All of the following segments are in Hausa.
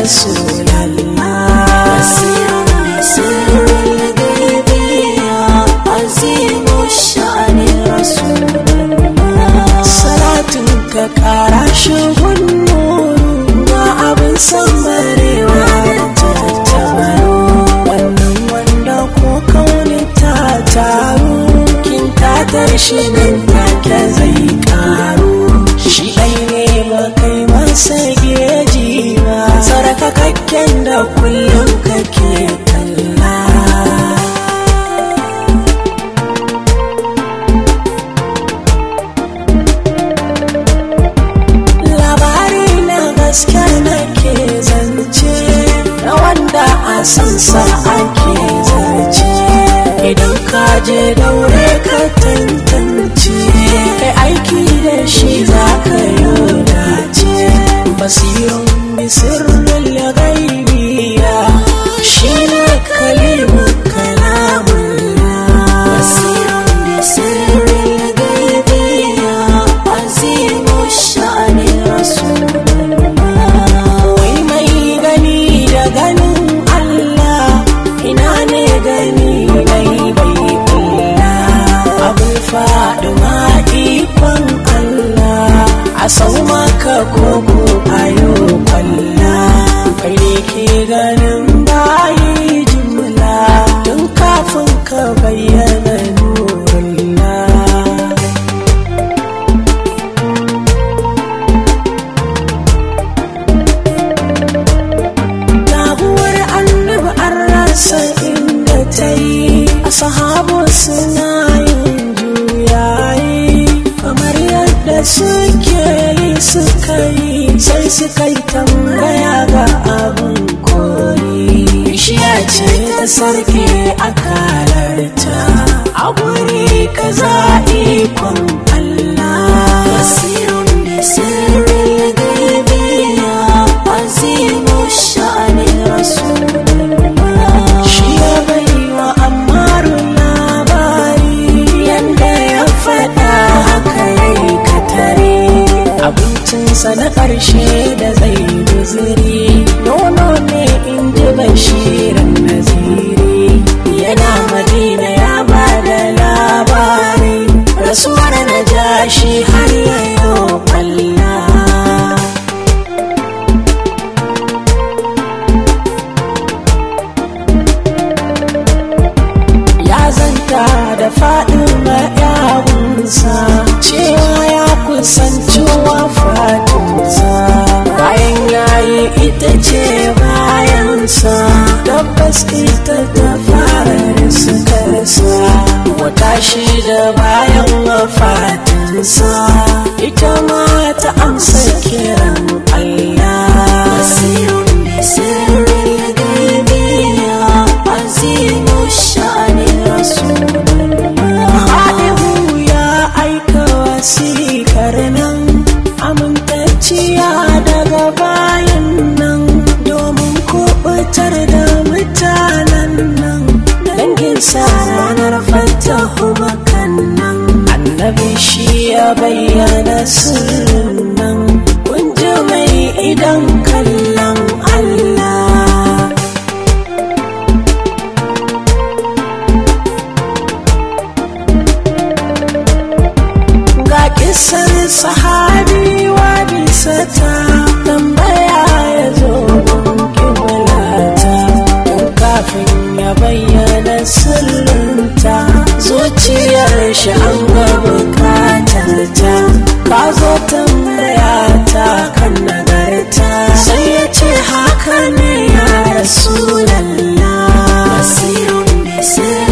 sucesso. wanda kullum kake kalla labari na gaske ke zance na wanda a sansa ake zance, idan ka je daure ka ta a sau maka koko yau kwalla fari ke ganin bayi jimla don kafin ka bayyana suka yi tambaya ga abin kori bishiya ce ta sarki a kalarta a guri ka za ikon Allah basirun da sirrin gaibiya azimu sha'anin rasulullah shi ya wa Amaru labari yanda ya haka yayi katare abincinsa na ƙarshe rasuwar na jashi har yayo balla ya zanta da faɗin ma'yawunsa cewa ya kusanci wa fatinsa bayan yayi ita ce bayansa tabbas ita ta fara sukarsa wata shi da So. sun. kisan sahabi wa bisa ta tambaya ya zo kibalata don kafin ya bayyana sirrinta zuciyar shi an ga bukatarta ka zo tambaya ta kan rasulallah basirun da sirri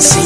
see